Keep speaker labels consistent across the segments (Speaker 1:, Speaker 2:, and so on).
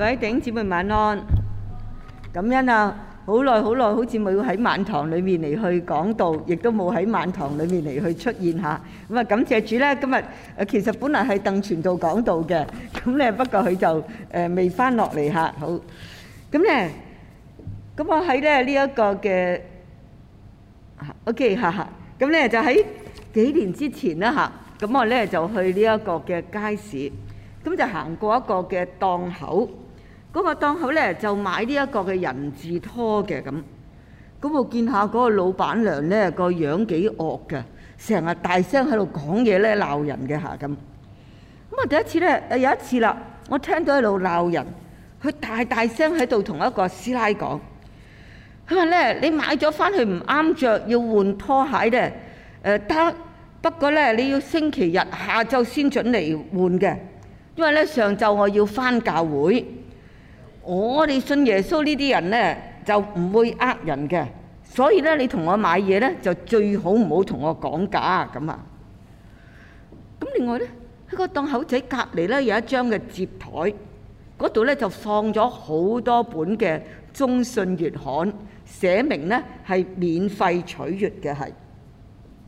Speaker 1: 各位弟兄姊妹晚安。咁樣啊，好耐好耐，好似冇喺晚堂裏面嚟去講道，亦都冇喺晚堂裏面嚟去出現嚇。咁啊，感謝主咧，今日誒其實本嚟係鄧傳道講道嘅，咁咧，不過佢就誒未翻落嚟嚇。好，咁咧，咁我喺咧呢一個嘅，OK 嚇嚇。咁咧就喺幾年之前啦嚇，咁我咧就去呢一個嘅街市，咁就行過一個嘅檔口。嗰個檔口呢，就買呢一個嘅人字拖嘅咁，咁我見下嗰個老闆娘呢個樣幾惡嘅，成日大聲喺度講嘢呢，鬧人嘅嚇咁。咁啊，第一次呢，有一次啦，我聽到喺度鬧人，佢大大聲喺度同一個師奶講，佢話呢，你買咗翻去唔啱着，要換拖鞋呢得、呃，不過呢，你要星期日下晝先準嚟換嘅，因為呢，上晝我要返教會。我哋、哦、信耶穌呢啲人呢，就唔會呃人嘅，所以呢，你同我買嘢呢，就最好唔好同我講價咁啊。咁另外呢，喺個檔口仔隔離呢，有一張嘅摺枱，嗰度呢，就放咗好多本嘅中信月刊，寫明呢係免費取閱嘅係，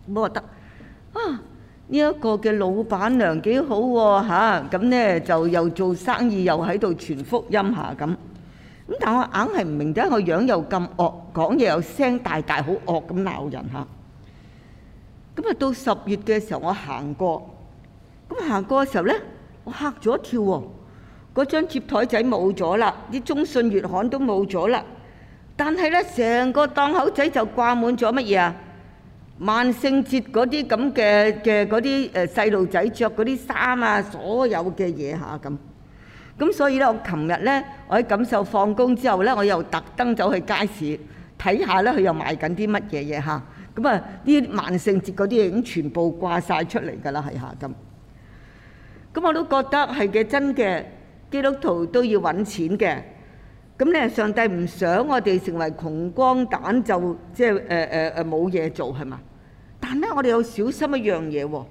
Speaker 1: 唔好話得、啊呢一個嘅老闆娘幾好喎嚇，咁咧就又做生意又喺度傳福音嚇咁。咁但係我硬係唔明點解個樣又咁惡，講嘢又聲大大好惡咁鬧人嚇。咁啊到十月嘅時候，我行過，咁行過嘅時候咧，我嚇咗一跳喎。嗰張接台仔冇咗啦，啲中信月刊都冇咗啦。但係咧，成個檔口仔就掛滿咗乜嘢啊？萬聖節嗰啲咁嘅嘅嗰啲誒細路仔着嗰啲衫啊，所有嘅嘢嚇咁，咁所以咧，我琴日咧，我喺感受放工之後咧，我又特登走去街市睇下咧，佢又賣緊啲乜嘢嘢嚇，咁啊啲萬聖節嗰啲嘢已經全部掛晒出嚟㗎啦，係嚇咁，咁我都覺得係嘅，真嘅，基督徒都要揾錢嘅。咁你係，上帝唔想我哋成為窮光蛋，就即係誒誒誒冇嘢做係嘛？但咧，我哋要小心一樣嘢喎。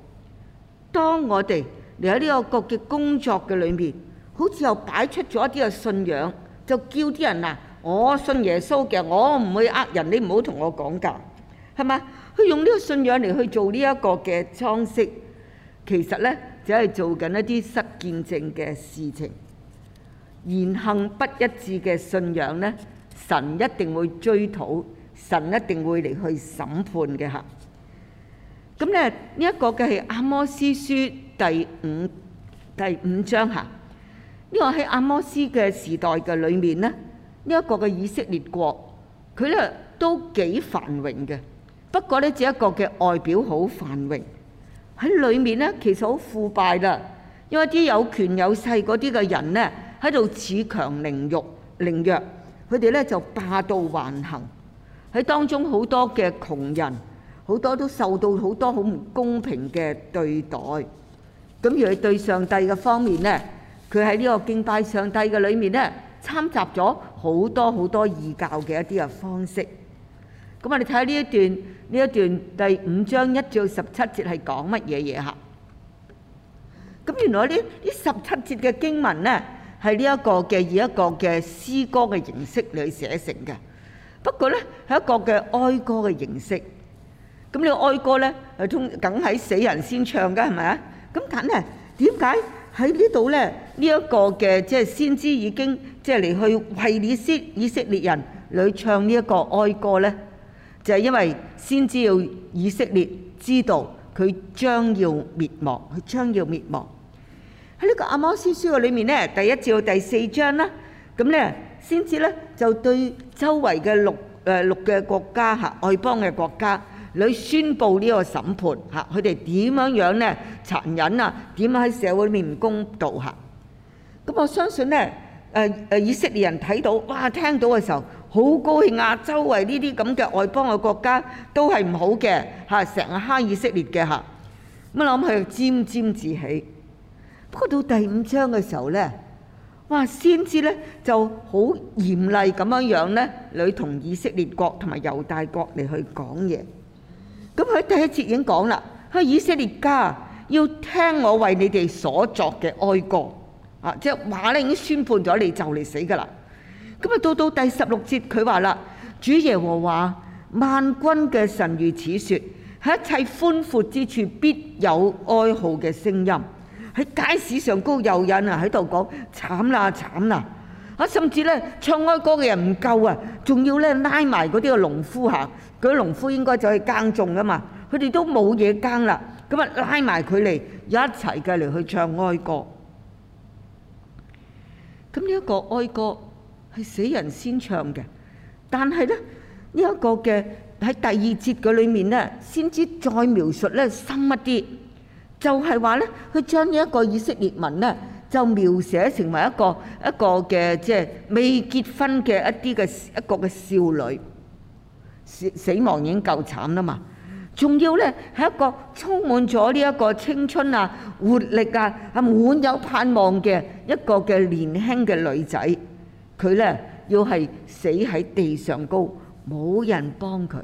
Speaker 1: 當我哋嚟喺呢個國嘅工作嘅裏面，好似又擺出咗一啲嘅信仰，就叫啲人啊，我信耶穌嘅，我唔會呃人，你唔好同我講價，係嘛？佢用呢個信仰嚟去做呢一個嘅裝飾，其實咧，就係做緊一啲失見證嘅事情。言行不一致嘅信仰咧，神一定會追討，神一定會嚟去審判嘅嚇。咁咧呢一個嘅係阿摩司書第五第五章嚇。呢個喺阿摩司嘅時代嘅裏面咧，呢一個嘅以色列國佢咧都幾繁榮嘅。不過咧，只一個嘅外表好繁榮喺裏面咧，其實好腐敗喇，因為啲有權有勢嗰啲嘅人咧。喺度恃強凌辱，凌弱，佢哋咧就霸道橫行。喺當中好多嘅窮人，好多都受到好多好唔公平嘅對待。咁而喺對上帝嘅方面咧，佢喺呢個敬拜上帝嘅裏面咧，參雜咗好多好多異教嘅一啲嘅方式。咁啊，你睇下呢一段，呢一段第五章一至十七節係講乜嘢嘢吓？咁原來呢呢十七節嘅經文咧。係呢一個嘅以一個嘅詩歌嘅形式嚟寫成嘅，不過呢，係一個嘅哀歌嘅形式。咁你哀歌呢，係通梗喺死人先唱嘅係咪啊？咁緊啊？點解喺呢度呢，呢、呢、一個嘅即係先知已經即係嚟去為以色列以色列人嚟唱呢一個哀歌呢，就係、係、因為先知要以色列知道佢將要滅亡，佢將要滅亡。喺呢個《阿摩司書》嘅裏面呢，第一至到第四章啦，咁呢先至呢，就對周圍嘅六誒六嘅國家嚇外邦嘅國家，佢、啊、宣佈呢個審判嚇，佢哋點樣樣呢殘忍啊？點樣喺社會裏面唔公道嚇？咁、啊、我相信呢，誒、啊、以色列人睇到哇，聽到嘅時候，好高興啊！周圍呢啲咁嘅外邦嘅國家都係唔好嘅嚇，成日蝦以色列嘅嚇，咁啊諗佢、啊、就沾沾自喜。不過到第五章嘅時候呢，哇！先知呢就好嚴厲咁樣樣呢，佢同以色列國同埋猶大國嚟去講嘢。咁、嗯、佢第一節已經講啦，喺以色列家要聽我為你哋所作嘅哀歌，啊！即係話咧已經宣判咗你就嚟死噶啦。咁、嗯、啊，到到第十六節佢話啦，主耶和華萬軍嘅神如此説：喺一切寬闊之處必有哀號嘅聲音。喺街市上高又有人啊，喺度講慘啦慘啦！啊，甚至咧唱哀歌嘅人唔夠啊，仲要咧拉埋嗰啲個農夫行，嗰啲農夫應該就去耕種噶嘛，佢哋都冇嘢耕啦，咁啊拉埋佢嚟一齊嘅嚟去唱哀歌。咁呢一個哀歌係死人先唱嘅，但係咧呢一個嘅喺第二節嘅裏面咧，先知再描述咧深一啲。就係話咧，佢將呢一個以色列民咧，就描寫成為一個一個嘅即係未結婚嘅一啲嘅一個嘅少女，死死亡已經夠慘啦嘛，仲要咧係一個充滿咗呢一個青春啊、活力啊啊滿有盼望嘅一個嘅年輕嘅女仔，佢咧要係死喺地上高，冇人幫佢，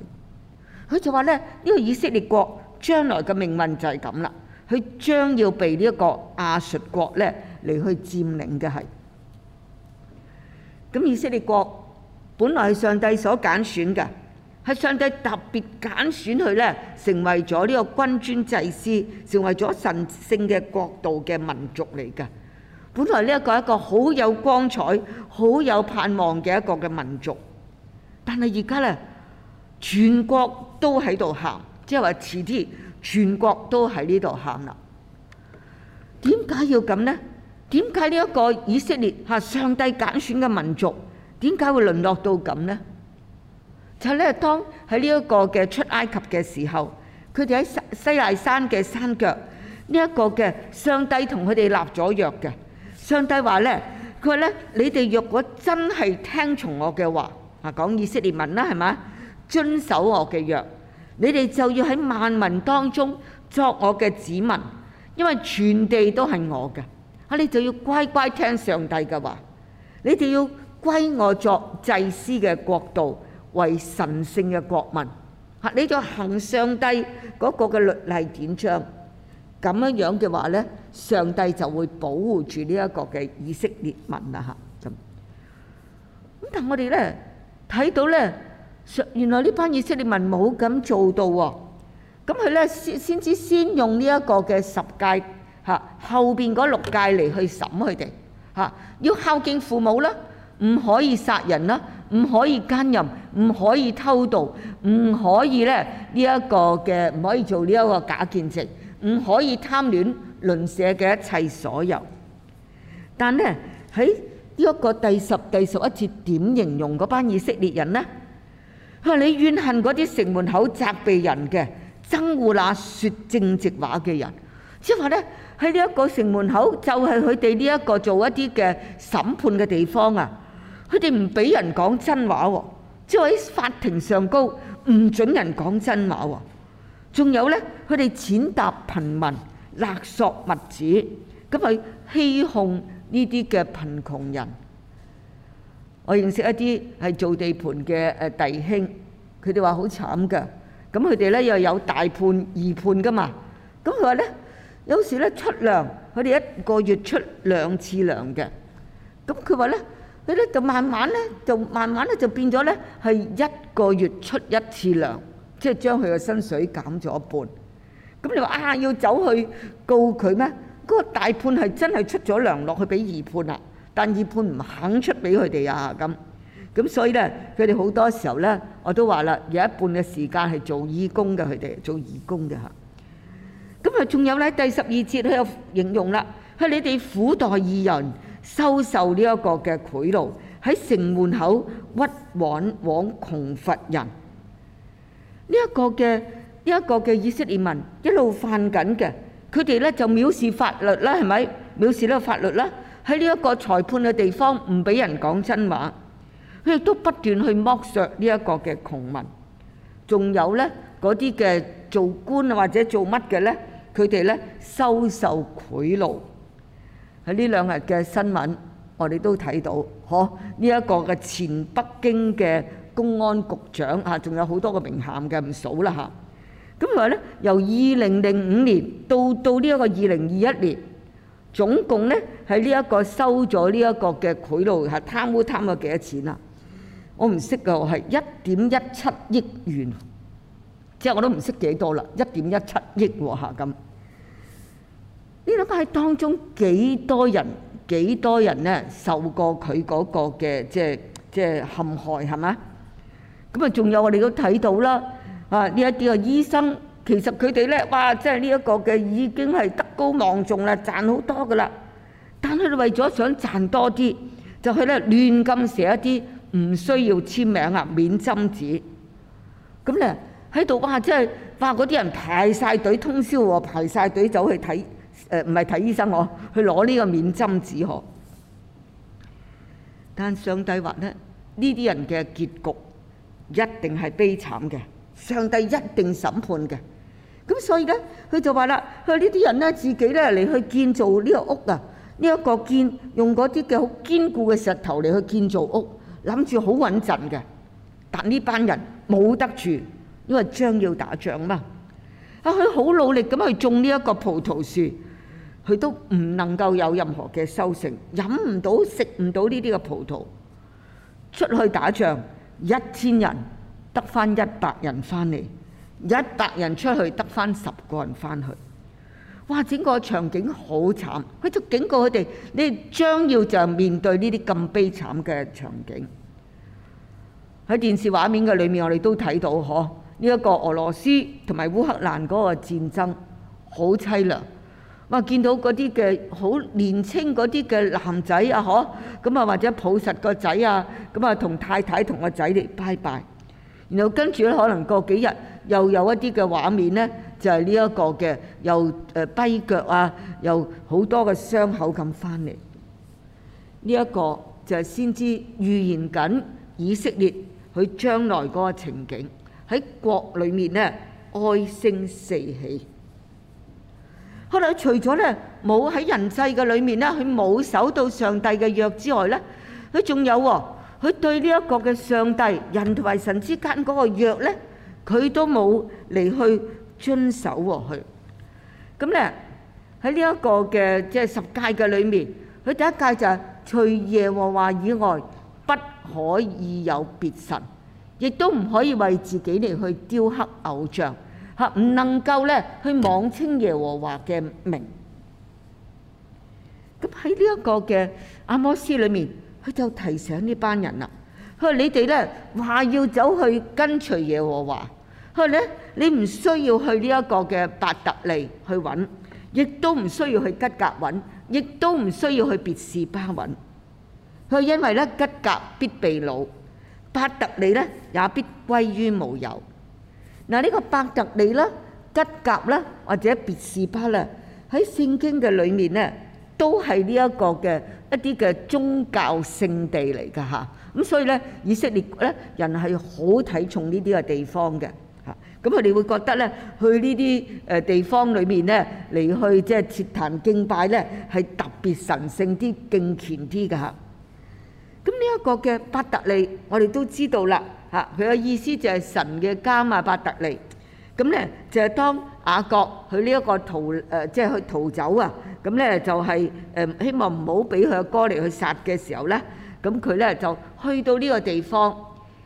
Speaker 1: 佢就話咧呢個以色列國將來嘅命運就係咁啦。佢將要被呢一個亞述國呢嚟去佔領嘅係，咁以色列國本來係上帝所揀選嘅，係上帝特別揀選佢呢成為咗呢個君尊祭司，成為咗神聖嘅國度嘅民族嚟㗎。本來呢一個一個好有光彩、好有盼望嘅一個嘅民族，但係而家呢，全國都喺度喊，即係話遲啲。全國都喺呢度喊啦！點解要咁咧？點解呢一個以色列嚇上帝揀選嘅民族，點解會淪落到咁咧？就係咧，當喺呢一個嘅出埃及嘅時候，佢哋喺西西奈山嘅山腳，呢一個嘅上帝同佢哋立咗約嘅。上帝話咧：佢話咧，你哋若果真係聽從我嘅話，啊講以色列民啦，係嘛，遵守我嘅約。你哋就要喺萬民當中作我嘅子民，因為全地都係我嘅。吓，你就要乖乖聽上帝嘅話，你哋要歸我作祭司嘅國度，為神聖嘅國民，吓，你就行上帝嗰個嘅律例典章，咁樣樣嘅話呢，上帝就會保護住呢一個嘅以色列民啦吓，咁但我哋呢，睇到呢。原來呢班以色列民冇咁做到喎，咁佢咧先先至先用呢一個嘅十戒嚇，後邊嗰六戒嚟去審佢哋嚇，要孝敬父母啦，唔可以殺人啦，唔可以奸淫，唔可以偷盜，唔可以咧呢一個嘅唔可以做呢一個假見證，唔可以貪戀鄰舍嘅一切所有。但咧喺呢一個第十第十一節點形容嗰班以色列人咧？佢話你怨恨嗰啲城門口責備人嘅、憎惡那說正直話嘅人，即係話咧喺呢一個城門口就係佢哋呢一個做一啲嘅審判嘅地方啊！佢哋唔俾人講真話喎，即係喺法庭上高唔准人講真話喎。仲有咧，佢哋踐踏貧民、勒索物主，咁佢欺哄呢啲嘅貧窮人。我認識一啲係做地盤嘅誒弟兄，佢哋話好慘㗎。咁佢哋呢又有大判二判㗎嘛。咁佢話呢，有時呢出糧，佢哋一個月出兩次糧嘅。咁佢話呢，佢呢就慢慢呢，就慢慢呢就變咗呢係一個月出一次糧，即係將佢嘅薪水減咗一半。咁你話啊，要走去告佢咩？嗰個大判係真係出咗糧落去俾二判啊！但義判唔肯出俾佢哋啊！咁咁所以咧，佢哋好多時候咧，我都話啦，有一半嘅時間係做義工嘅，佢哋做義工嘅嚇。咁啊，仲有咧，第十二節佢又形容啦，係你哋苦待義人收受呢一個嘅賄賂，喺城門口屈枉枉窮乏人。呢一個嘅呢一個嘅以色列民一路犯緊嘅，佢哋咧就藐視法律啦，係咪？藐視呢個法律啦。喺呢一個裁判嘅地方唔俾人講真話，佢亦都不斷去剝削呢一個嘅窮民。仲有咧，嗰啲嘅做官或者做乜嘅咧，佢哋咧收受賄賂。喺呢兩日嘅新聞，我哋都睇到，嗬？呢一個嘅前北京嘅公安局長啊，仲有好多個名銜嘅，唔數啦嚇。咁話咧，由二零零五年到到呢一個二零二一年。總共咧喺呢一個收咗呢一個嘅賄賂，係貪污貪咗幾多錢啦？我唔識噶，係一點一七億元，即係我都唔識幾多啦，一點一七億喎，下咁。你諗下喺當中幾多人？幾多人咧受過佢嗰個嘅即係即係陷害係咪？咁啊，仲有我哋都睇到啦，啊呢一啲嘅醫生。其實佢哋呢，哇！即係呢一個嘅已經係德高望重啦，賺好多㗎喇。但係為咗想賺多啲，就去呢亂咁寫一啲唔需要簽名啊，免針紙。咁呢，喺度哇！即係話嗰啲人排晒隊通宵喎，排晒隊走去睇，唔係睇醫生喎，去攞呢個免針紙嗬。但上帝話呢，呢啲人嘅結局一定係悲慘嘅，上帝一定審判嘅。咁所以呢，佢就話啦：佢呢啲人呢，自己呢嚟去建造呢個屋啊，呢一個建用嗰啲嘅好堅固嘅石頭嚟去建造屋，諗住好穩陣嘅。但呢班人冇得住，因為將要打仗嘛。啊，佢好努力咁去種呢一個葡萄樹，佢都唔能夠有任何嘅收成，飲唔到、食唔到呢啲嘅葡萄。出去打仗，一千人得返一百人返嚟。一百人出去得返十個人返去，哇！整個場景好慘。佢就警告佢哋：你將要就面對呢啲咁悲慘嘅場景。喺電視畫面嘅裏面，我哋都睇到呵。呢一個俄羅斯同埋烏克蘭嗰個戰爭好淒涼。哇！見到嗰啲嘅好年青嗰啲嘅男仔啊，嗬，咁啊，或者抱實個仔啊，咁啊，同太太同個仔嚟拜拜。然後跟住咧，可能過幾日。又有一啲嘅畫面咧，就係呢一個嘅，又誒跛腳啊，又好多嘅傷口咁翻嚟。呢一個就係先知預言緊以色列佢將來嗰個情景，喺國裏面咧，哀聲四起。後來佢除咗咧冇喺人世嘅裏面咧，佢冇守到上帝嘅約之外咧，佢仲有喎，佢對呢一個嘅上帝人同埋神之間嗰個約咧。佢都冇嚟去遵守喎佢，咁咧喺呢一個嘅即係十戒嘅裏面，佢第一戒就係除耶和華以外，不可以有別神，亦都唔可以為自己嚟去雕刻偶像，嚇唔能夠咧去妄稱耶和華嘅名。咁喺呢一個嘅阿摩司裏面，佢就提醒呢班人啦。佢話：你哋咧話要走去跟隨耶和華。佢咧，你唔需要去呢一個嘅伯特利去揾，亦都唔需要去吉格揾，亦都唔需要去別士巴揾。佢因為咧吉格必被擄，伯特利咧也必歸於無有。嗱，呢個伯特利啦、吉格啦或者別士巴咧，喺聖經嘅裏面咧都係呢一個嘅一啲嘅宗教聖地嚟㗎嚇。咁所以咧，以色列咧人係好睇重呢啲嘅地方嘅。咁佢哋會覺得咧，去呢啲誒地方裏面咧嚟去即係設壇敬拜咧，係特別神聖啲、敬虔啲㗎嚇。咁呢一個嘅伯特利，我哋都知道啦嚇。佢嘅意思就係神嘅家吖嘛，伯特利。咁咧就係當雅各佢呢一個逃誒，即係去逃走啊。咁咧就係誒希望唔好俾佢阿哥嚟去殺嘅時候咧，咁佢咧就去到呢個地方。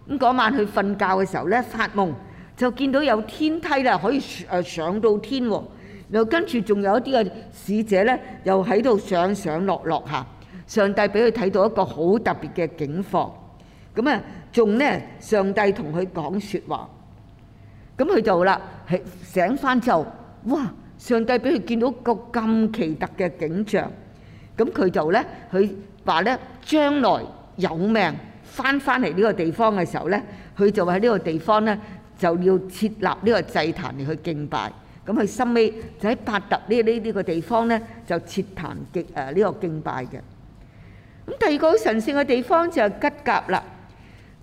Speaker 1: 咁嗰晚佢瞓覺嘅時候咧發夢。就見到有天梯啦，可以誒上到天喎。又跟住仲有一啲嘅使者咧，又喺度上上落落嚇。上帝俾佢睇到一個好特別嘅景況，咁啊，仲咧上帝同佢講說話。咁佢就啦，醒翻之後，哇！上帝俾佢見到個咁奇特嘅景象，咁佢就咧，佢話咧，將來有命翻翻嚟呢個地方嘅時候咧，佢就喺呢個地方咧。就要設立呢個祭壇嚟去敬拜，咁佢深屘就喺伯特利呢呢呢個地方咧，就設壇敬誒呢個敬拜嘅。咁第二個好神聖嘅地方就係吉甲啦。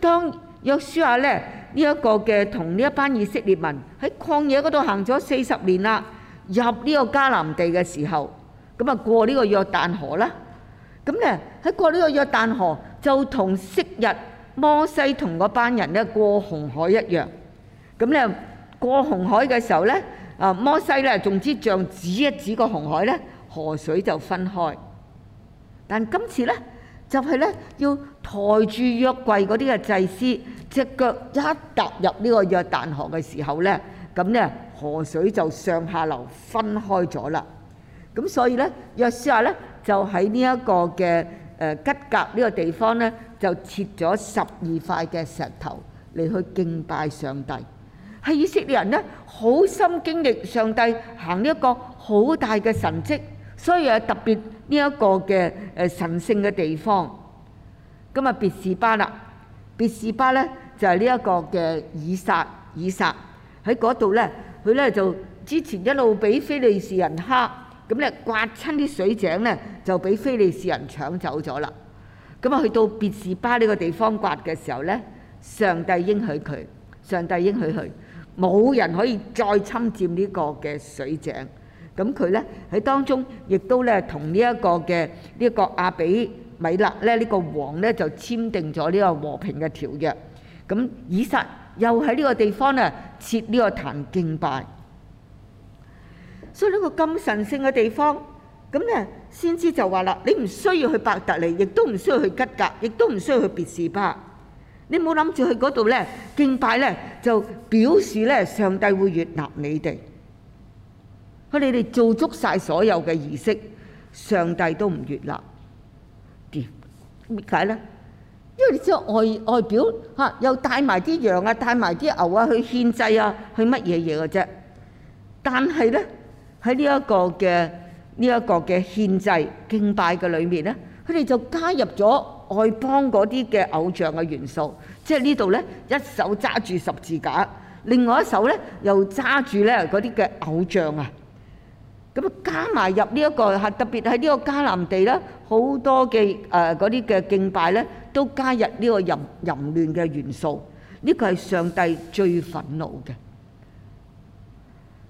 Speaker 1: 當約書亞咧呢一個嘅同呢一班以色列民喺曠野嗰度行咗四十年啦，入呢個迦南地嘅時候，咁啊過呢個約旦河啦。咁咧喺過呢個約旦河就同昔日摩西同嗰班人咧過紅海一樣。咁咧過紅海嘅時候咧，啊摩西咧，仲之像指一指個紅海咧，河水就分開。但今次咧就係咧要抬住約櫃嗰啲嘅祭司隻腳一踏入呢個約旦河嘅時候咧，咁咧河水就上下流分開咗啦。咁所以咧，約書亞咧就喺呢一個嘅誒吉甲呢個地方咧，就切咗十二塊嘅石頭嚟去敬拜上帝。係以色列人呢，好深經歷上帝行呢一個好大嘅神蹟，所以啊，特別呢一個嘅誒神聖嘅地方。咁啊別士巴啦，別士巴呢就係呢一個嘅以撒，以撒喺嗰度呢，佢呢就之前一路俾非利士人蝦，咁呢刮親啲水井呢，就俾非利士人搶走咗啦。咁啊去到別士巴呢個地方刮嘅時候呢，上帝應許佢，上帝應許佢。冇人可以再侵占呢個嘅水井，咁佢呢喺當中亦都呢同呢一個嘅呢、呢個阿比米勒咧呢、呢個王呢就簽訂咗呢個和平嘅條約，咁以撒又喺呢個地方呢設呢個壇敬拜，所以呢個咁神聖嘅地方，咁呢先知就話啦，你唔需要去伯特利，亦都唔需要去吉甲，亦都唔需要去別是巴。你冇諗住去嗰度咧敬拜咧，就表示咧上帝會悅納你哋？佢你哋做足晒所有嘅儀式，上帝都唔悅納。點？點解咧？因為你知道外外表嚇，又帶埋啲羊啊，帶埋啲牛啊去獻祭啊，去乜嘢嘢嘅啫。但係咧喺呢一個嘅呢一個嘅獻祭敬拜嘅裏面咧，佢哋就加入咗。外邦嗰啲嘅偶像嘅元素，即係呢度咧，一手揸住十字架，另外一手咧又揸住咧嗰啲嘅偶像啊，咁加埋入呢一個，特別喺呢個迦南地咧，好多嘅誒嗰啲嘅敬拜咧，都加入呢個淫淫亂嘅元素，呢個係上帝最憤怒嘅。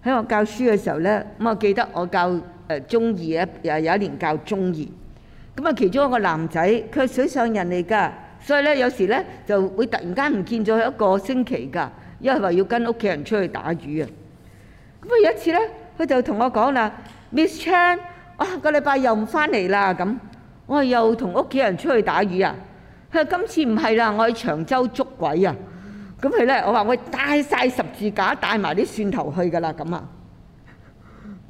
Speaker 1: 喺我教書嘅時候咧，咁我記得我教誒中二啊，有有一年教中二。咁啊，其中一個男仔，佢係水上人嚟噶，所以咧有時咧就會突然間唔見咗一個星期噶，因為話要跟屋企人出去打魚啊。咁啊，有一次咧，佢就同我講啦，Miss Chan，啊個禮拜又唔翻嚟啦咁。我話又同屋企人出去打魚啊。佢話今次唔係啦，我喺長洲捉鬼啊。咁佢咧，我話我帶晒十字架，帶埋啲蒜頭去噶啦咁啊。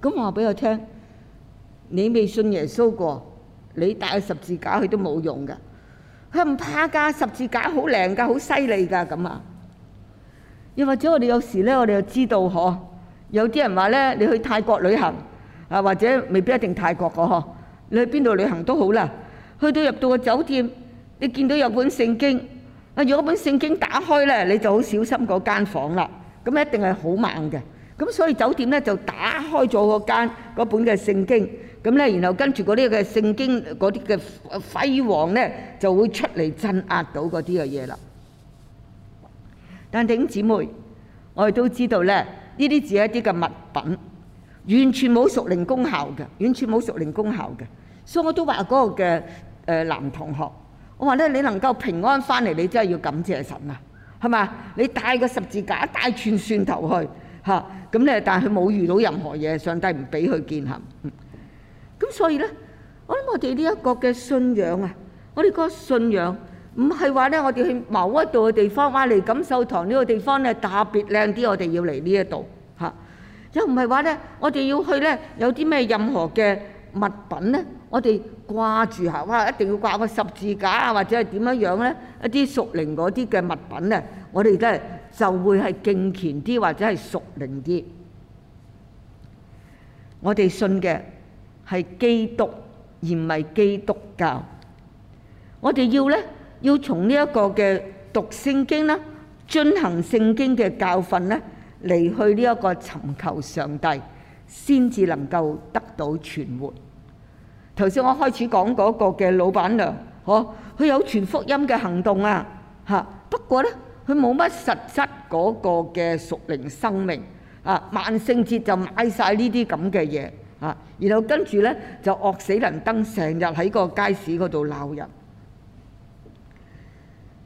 Speaker 1: 咁話俾我聽，你未信耶穌過？你帶個十字架佢都冇用噶，佢唔怕㗎，十字架好靚噶，好犀利噶咁啊！又或者我哋有時咧，我哋又知道呵，有啲人話咧，你去泰國旅行啊，或者未必一定泰國個呵，你去邊度旅行都好啦，去到入到個酒店，你見到有本聖經，啊如果本聖經打開咧，你就好小心嗰間房啦，咁一定係好猛嘅，咁所以酒店咧就打開咗個間嗰本嘅聖經。咁咧，然後跟住嗰啲嘅聖經嗰啲嘅輝煌咧，就會出嚟鎮壓到嗰啲嘅嘢啦。但係咁，姊妹，我哋都知道咧，呢啲只係一啲嘅物品，完全冇屬靈功效嘅，完全冇屬靈功效嘅。所以我都話嗰個嘅誒男同學，我話咧你能夠平安翻嚟，你真係要感謝神啊，係嘛？你帶個十字架，帶串蒜頭去嚇，咁咧但係佢冇遇到任何嘢，上帝唔俾佢見諭。咁所以咧，我諗我哋呢一個嘅信仰啊，我哋個信仰唔係話咧，我哋去某一度嘅地方，哇！嚟錦秀堂呢個地方咧特別靚啲，我哋要嚟呢一度嚇。又唔係話咧，我哋要去咧有啲咩任何嘅物品咧，我哋掛住嚇哇，一定要掛個十字架啊或者係點樣樣咧，一啲屬靈嗰啲嘅物品咧，我哋咧就會係敬虔啲或者係屬靈啲。我哋信嘅。係基督，而唔係基督教。我哋要呢，要從呢一個嘅讀聖經啦，進行聖經嘅教訓呢，嚟去呢一個尋求上帝，先至能夠得到存活。頭先我開始講嗰個嘅老闆娘，嗬，佢有傳福音嘅行動啊，吓，不過呢，佢冇乜實質嗰個嘅屬靈生命啊，萬聖節就買晒呢啲咁嘅嘢。啊！然後跟住咧就惡死能登，成日喺個街市嗰度鬧人，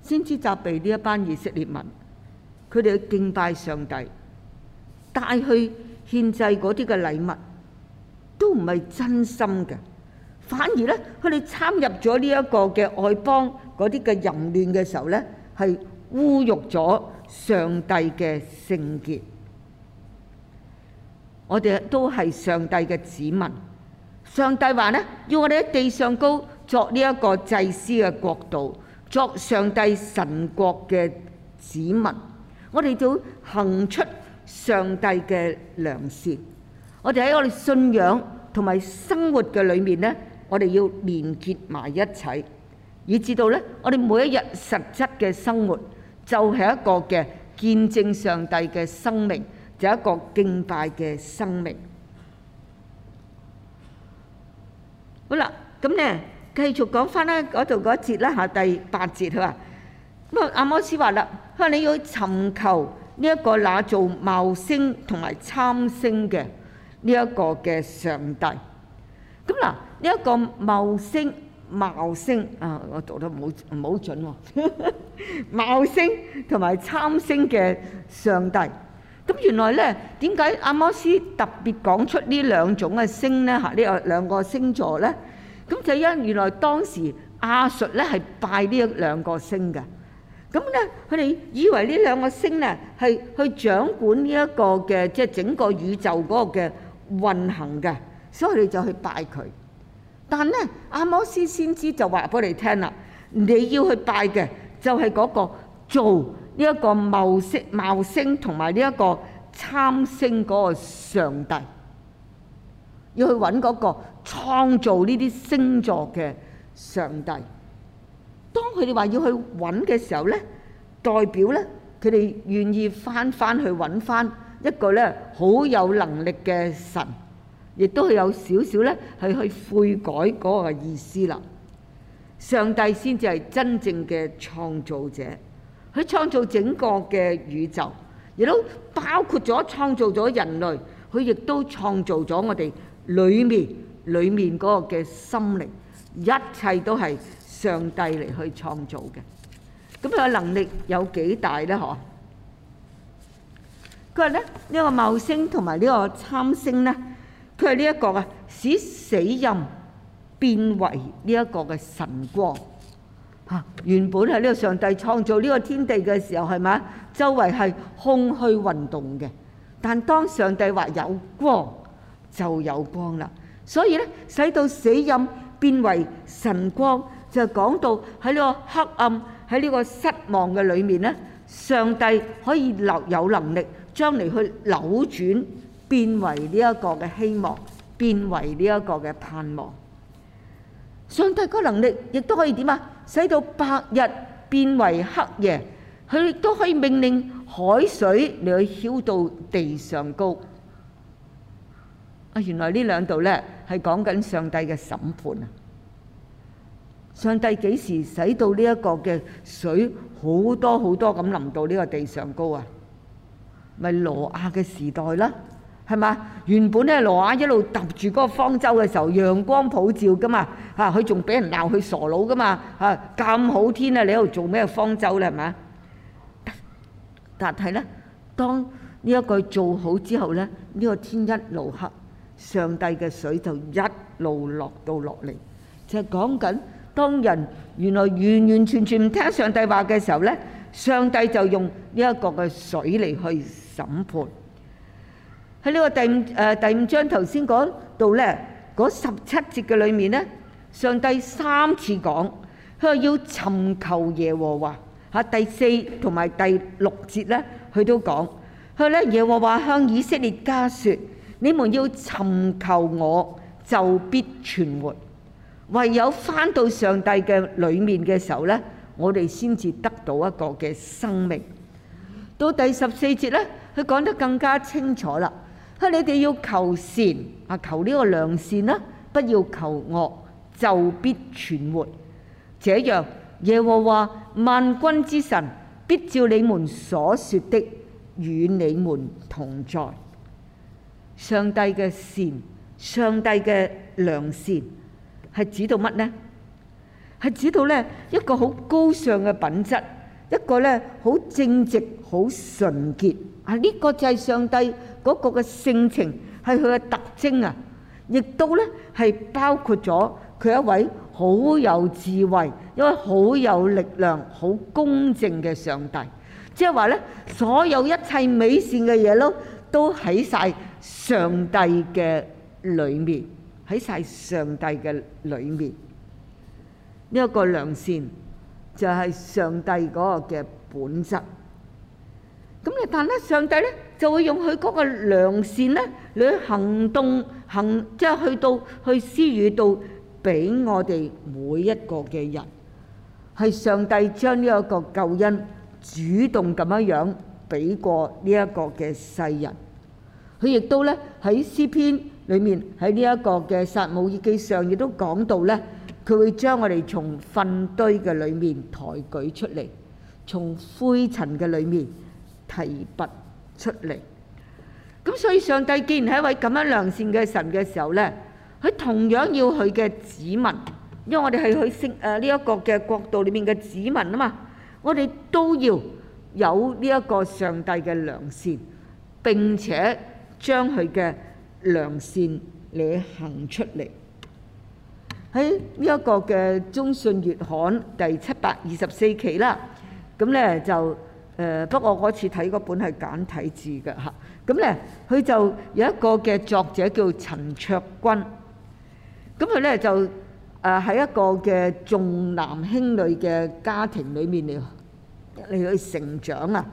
Speaker 1: 先知責備呢一班以色列民，佢哋去敬拜上帝，帶去獻祭嗰啲嘅禮物都唔係真心嘅，反而咧佢哋參入咗呢一個嘅外邦嗰啲嘅淫亂嘅時候咧，係侮辱咗上帝嘅聖潔。我哋都係上帝嘅子民。上帝話呢，要我哋喺地上高作呢一個祭司嘅國度，作上帝神國嘅子民。我哋要行出上帝嘅良善。我哋喺我哋信仰同埋生活嘅裏面呢，我哋要連結埋一齊，以至到呢，我哋每一日實質嘅生活就係一個嘅見證上帝嘅生命。有一個敬拜嘅生命。好啦，咁咧繼續講翻啦，嗰度嗰一節啦，下第八節佢話：咁阿摩司話啦，佢你要尋求呢一個那造昴星同埋參星嘅呢一個嘅上帝。咁嗱，呢一個昴星、昴星啊，我讀得唔好唔好準喎，昴星同埋參星嘅上帝。咁原來咧，點解阿摩斯特別講出呢兩種嘅星咧？嚇，呢個兩個星座咧，咁就因原來當時亞述咧係拜呢一兩個星嘅，咁咧佢哋以為呢兩個星咧係去掌管呢一個嘅即係整個宇宙嗰個嘅運行嘅，所以佢哋就去拜佢。但咧，阿摩斯先知就話俾你聽啦，你要去拜嘅就係嗰個造。呢一個昴星昴星同埋呢一個參星嗰個上帝，要去揾嗰個創造呢啲星座嘅上帝。當佢哋話要去揾嘅時候，呢代表呢，佢哋願意翻翻去揾翻一個呢好有能力嘅神，亦都係有少少呢係去悔改嗰個意思啦。上帝先至係真正嘅創造者。佢創造整個嘅宇宙，亦都包括咗創造咗人類，佢亦都創造咗我哋裏面裏面嗰個嘅心靈，一切都係上帝嚟去創造嘅。咁佢嘅能力有幾大呢？嗬？佢話呢呢個昴星同埋呢個參星呢，佢係呢一個嘅使死蔭變為呢一個嘅晨光。啊！原本係呢個上帝創造呢個天地嘅時候，係嘛？周圍係空虛運動嘅，但當上帝話有光，就有光啦。所以咧，使到死蔭變為晨光，就講到喺呢個黑暗、喺呢個失望嘅裏面咧，上帝可以有有能力將嚟去扭轉，變為呢一個嘅希望，變為呢一個嘅盼望。上帝個能力亦都可以點啊？使到白日變為黑夜，佢亦都可以命令海水嚟去轟到地上高。啊，原來呢兩度呢係講緊上帝嘅審判啊！上帝幾時使到呢一個嘅水好多好多咁淋到呢個地上高啊？咪羅亞嘅時代啦！係嘛？原本咧，挪亞一路揼住嗰個方舟嘅時候，陽光普照㗎嘛，吓佢仲俾人鬧佢傻佬㗎嘛，吓咁好天啊！你喺度做咩方舟咧？係嘛？但係咧，當呢一個做好之後咧，呢個天一路黑，上帝嘅水就一路落到落嚟，就係講緊當人原來完完全全唔聽上帝話嘅時候咧，上帝就用呢一個嘅水嚟去審判。喺呢個第五誒、呃、第五章頭先講到呢，嗰十七節嘅裏面呢，上帝三次講，佢話要尋求耶和華。嚇，第四同埋第六節呢，佢都講。佢話耶和華向以色列家説：你們要尋求我，就必存活。唯有返到上帝嘅裏面嘅時候呢，我哋先至得到一個嘅生命。到第十四節呢，佢講得更加清楚啦。你哋要求善啊，求呢個良善啦，不要求惡，就必存活。這樣耶和華萬軍之神必照你們所說的與你們同在。上帝嘅善，上帝嘅良善係指到乜呢？係指到呢一個好高尚嘅品質，一個咧好正直、好純潔。啊！呢個就係上帝嗰個嘅性情，係佢嘅特徵啊！亦都呢，係包括咗佢一位好有智慧、一位好有力量、好公正嘅上帝。即係話呢，所有一切美善嘅嘢咯，都喺晒上帝嘅裡面，喺晒上帝嘅裡面。呢一個良善就係上帝嗰個嘅本質。咁啊，但咧，上帝咧就會用佢嗰個良善咧，你去行動行，即係、就是、去到去施予到俾我哋每一個嘅人，係上帝將呢一個救恩主動咁樣樣俾過呢一個嘅世人。佢亦都咧喺詩篇裡面喺呢一個嘅撒母耳記上，亦都講到咧，佢會將我哋從糞堆嘅裡面抬舉出嚟，從灰塵嘅裡面。提拔出嚟，咁所以上帝既然係一位咁樣良善嘅神嘅時候咧，佢同樣要佢嘅子民，因為我哋係去識誒呢一個嘅國度裏面嘅子民啊嘛，我哋都要有呢一個上帝嘅良善，並且將佢嘅良善你行出嚟喺呢一個嘅中信月刊第七百二十四期啦，咁咧就。誒不過嗰次睇嗰本係簡體字嘅嚇，咁咧佢就有一個嘅作者叫陳卓君，咁佢咧就誒喺一個嘅重男輕女嘅家庭裏面嚟嚟去成長啊，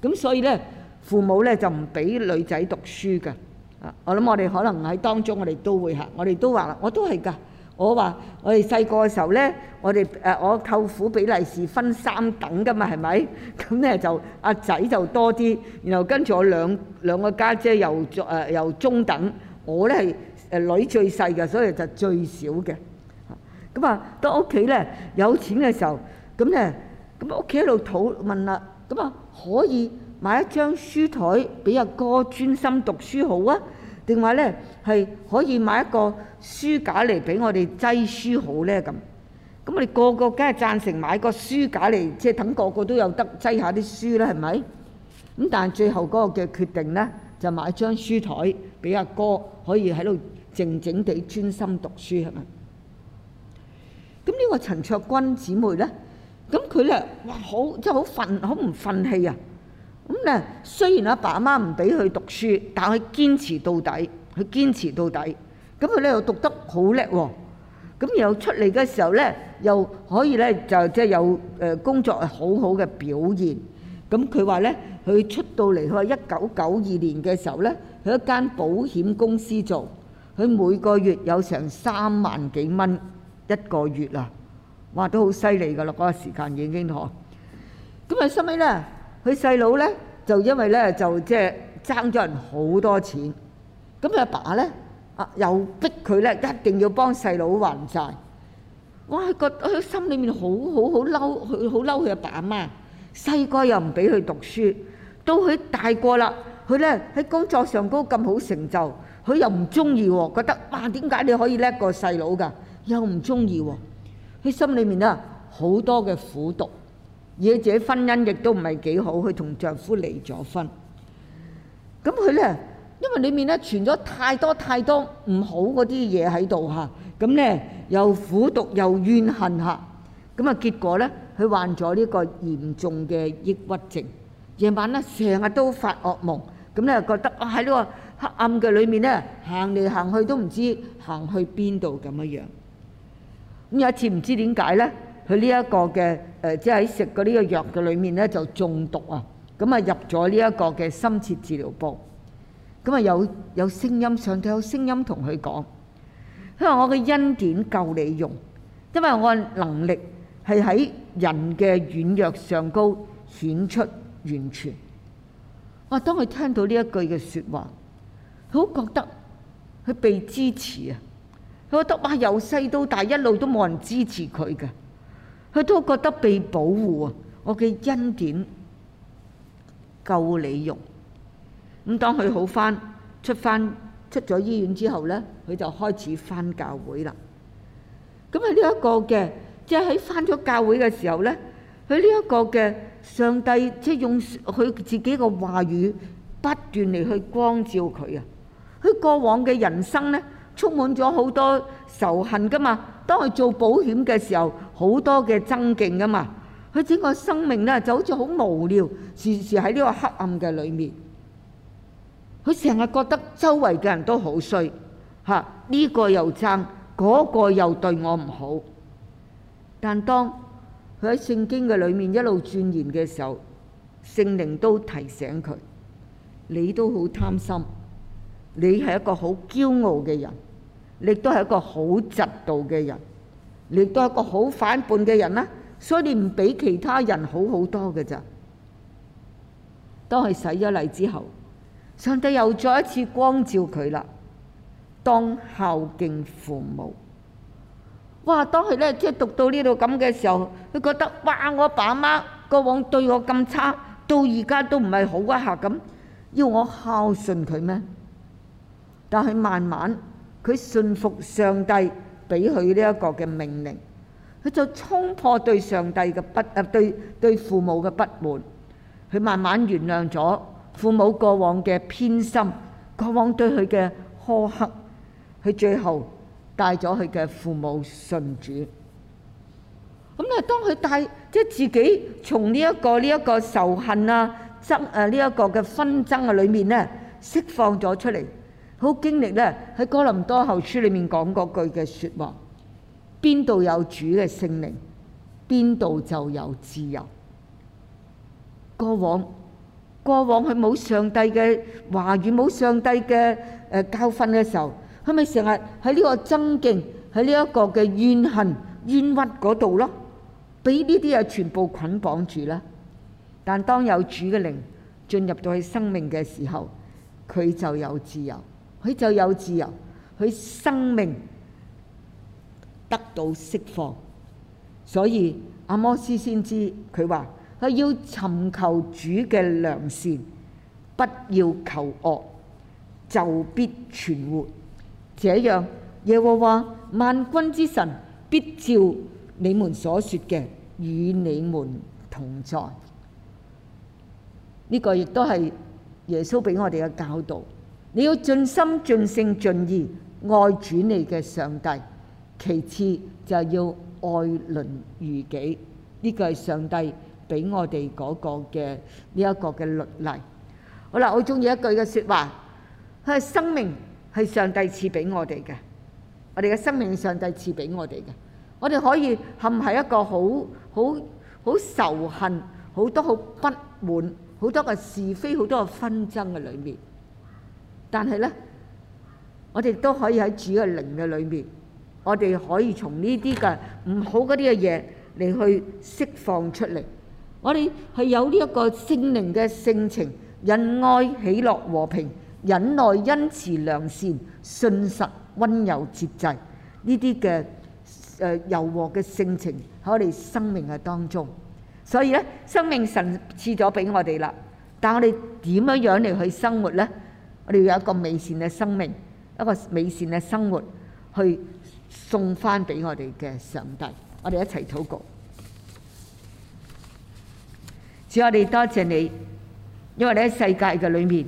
Speaker 1: 咁所以咧父母咧就唔俾女仔讀書嘅啊。我諗我哋可能喺當中，我哋都會嚇，我哋都話啦，我都係㗎。我話我哋細個嘅時候咧，我哋誒我舅父俾利是分三等噶嘛，係咪？咁咧就阿仔就多啲，然後跟住我兩兩個家姐又誒又中等，我咧係誒女最細嘅，所以就最少嘅。咁啊，到屋企咧有錢嘅時候，咁咧咁屋企喺度討論啦，咁啊可以買一張書枱俾阿哥專心讀書好啊？定話呢係可以買一個書架嚟俾我哋擠書好呢？咁，咁我哋個個梗係贊成買個書架嚟，即係等個個都有得擠下啲書啦，係咪？咁但係最後嗰個嘅決定呢，就買張書台俾阿哥可以喺度靜靜地專心讀書，係咪？咁呢個陳卓君姊妹呢，咁佢呢哇好真係好憤，好唔忿氣啊！咁咧，雖然阿爸阿媽唔俾佢讀書，但佢堅持到底，佢堅持到底。咁佢咧又讀得好叻喎。咁又出嚟嘅時候咧，又可以咧就即係有誒工作好好嘅表現。咁佢話咧，佢出到嚟開一九九二年嘅時候咧，喺一間保險公司做，佢每個月有成三萬幾蚊一個月啊！哇，都好犀利㗎啦，嗰個時間已經呵。咁啊，收尾咧。佢細佬咧就因為咧就即係爭咗人好多錢，咁佢阿爸咧啊又逼佢咧一定要幫細佬還債。哇！佢覺得佢心裏面好好好嬲，佢好嬲佢阿爸阿媽，細個又唔俾佢讀書，到佢大個啦，佢咧喺工作上高咁好成就，佢又唔中意喎，覺得哇點解你可以叻過細佬㗎？又唔中意喎，佢心裏面咧好多嘅苦毒。而且婚姻亦都唔係幾好，佢同丈夫離咗婚。咁佢咧，因為裏面咧存咗太多太多唔好嗰啲嘢喺度嚇，咁咧又苦毒又怨恨嚇，咁啊結果咧，佢患咗呢個嚴重嘅抑鬱症。夜晚咧成日都發噩夢，咁咧覺得啊喺呢個黑暗嘅裏面咧行嚟行去都唔知行去邊度咁樣。咁有一次唔知點解咧，佢呢一個嘅誒、呃，即係喺食過呢個藥嘅裏面咧，就中毒啊！咁啊入咗呢一個嘅深切治療部，咁啊有有聲音，上頭有聲音同佢講：因為我嘅恩典夠你用，因為我嘅能力係喺人嘅軟弱上高顯出完全。哇、啊！當佢聽到呢一句嘅説話，佢好覺得佢被支持啊！佢覺得哇，由細到大一路都冇人支持佢嘅。佢都覺得被保護啊！我嘅恩典夠你用。咁當佢好返出返出咗醫院之後呢，佢就開始返教會啦。咁喺呢一個嘅，即係喺返咗教會嘅時候呢，佢呢一個嘅上帝即係、就是、用佢自己嘅話語不斷嚟去光照佢啊！佢過往嘅人生呢，充滿咗好多仇恨㗎嘛。當佢做保險嘅時候，好多嘅爭競啊嘛！佢整個生命咧就好似好無聊，時時喺呢個黑暗嘅裏面。佢成日覺得周圍嘅人都好衰，嚇、這、呢個又爭，嗰、這個又對我唔好。但當佢喺聖經嘅裏面一路鑽研嘅時候，聖靈都提醒佢：你都好貪心，你係一個好驕傲嘅人。你都係一個好嫉妒嘅人，你都係一個好反叛嘅人啦，所以你唔比其他人好好多嘅咋？當佢洗咗禮之後，上帝又再一次光照佢啦。當孝敬父母，哇！當佢呢，即係讀到呢度咁嘅時候，佢覺得哇！我爸媽過往對我咁差，到而家都唔係好一下咁，要我孝順佢咩？但係慢慢。佢信服上帝俾佢呢一個嘅命令，佢就衝破對上帝嘅不，啊，對對父母嘅不滿，佢慢慢原諒咗父母過往嘅偏心，過往對佢嘅苛刻，佢最後帶咗佢嘅父母信主。咁咧，當佢帶即係自己從呢一個呢一個仇恨啊爭啊呢一個嘅紛爭嘅裡面呢釋放咗出嚟。好經歷咧，喺哥林多後書裏面講嗰句嘅説話：邊度有主嘅聖靈，邊度就有自由。過往過往佢冇上帝嘅話語，冇上帝嘅誒教訓嘅時候，佢咪成日喺呢個憎敬喺呢一個嘅怨恨冤屈嗰度咯，俾呢啲嘢全部捆綁住啦。但當有主嘅靈進入到佢生命嘅時候，佢就有自由。佢就有自由，佢生命得到釋放，所以阿摩斯先知佢話：佢要尋求主嘅良善，不要求惡，就必存活。這樣耶和華萬軍之神必照你們所說嘅與你們同在。呢個亦都係耶穌俾我哋嘅教導。你要盡心盡性盡意愛主你嘅上帝，其次就要愛鄰如己。呢個係上帝俾我哋嗰個嘅呢一個嘅律例。好啦，我中意一句嘅説話，佢係生命係上帝賜俾我哋嘅，我哋嘅生命上帝賜俾我哋嘅，我哋可以陷係一個好好好仇恨、好多好不滿、好多嘅是非、好多嘅紛爭嘅裏面。但係咧，我哋都可以喺主嘅靈嘅裏面，我哋可以從呢啲嘅唔好嗰啲嘅嘢嚟去釋放出嚟。我哋係有呢一個聖靈嘅性情，仁愛、喜樂、和平，忍耐恩慈良善、信實溫柔節制呢啲嘅誒柔和嘅性情喺我哋生命嘅當中。所以咧，生命神賜咗俾我哋啦，但我哋點樣樣嚟去生活咧？我哋要有一個美善嘅生命，一個美善嘅生活，去送翻俾我哋嘅上帝。我哋一齊禱告，主，我哋多謝你，因為你喺世界嘅裏面，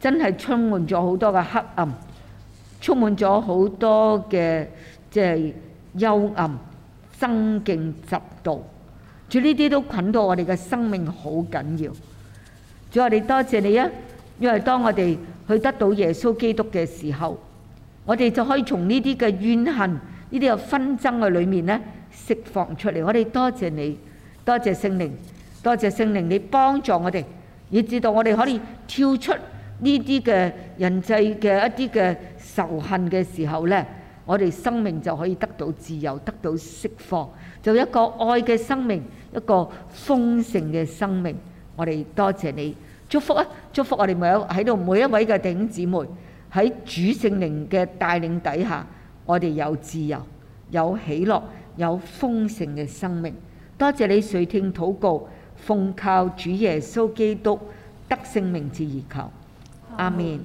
Speaker 1: 真係充滿咗好多嘅黑暗，充滿咗好多嘅即係幽暗、爭競、嫉妒，主，呢啲都捆到我哋嘅生命好緊要。主，我哋多謝你啊，因為當我哋去得到耶穌基督嘅時候，我哋就可以從呢啲嘅怨恨、呢啲嘅紛爭嘅裏面咧釋放出嚟。我哋多謝你，多謝聖靈，多謝聖靈你幫助我哋，以至到我哋可以跳出呢啲嘅人際嘅一啲嘅仇恨嘅時候咧，我哋生命就可以得到自由，得到釋放，就一個愛嘅生命，一個豐盛嘅生命。我哋多謝你。祝福啊！祝福我哋每一喺度每一位嘅弟兄姊妹喺主聖靈嘅帶領底下，我哋有自由、有喜樂、有豐盛嘅生命。多謝你垂聽禱告，奉靠主耶穌基督得勝名字而求。阿門。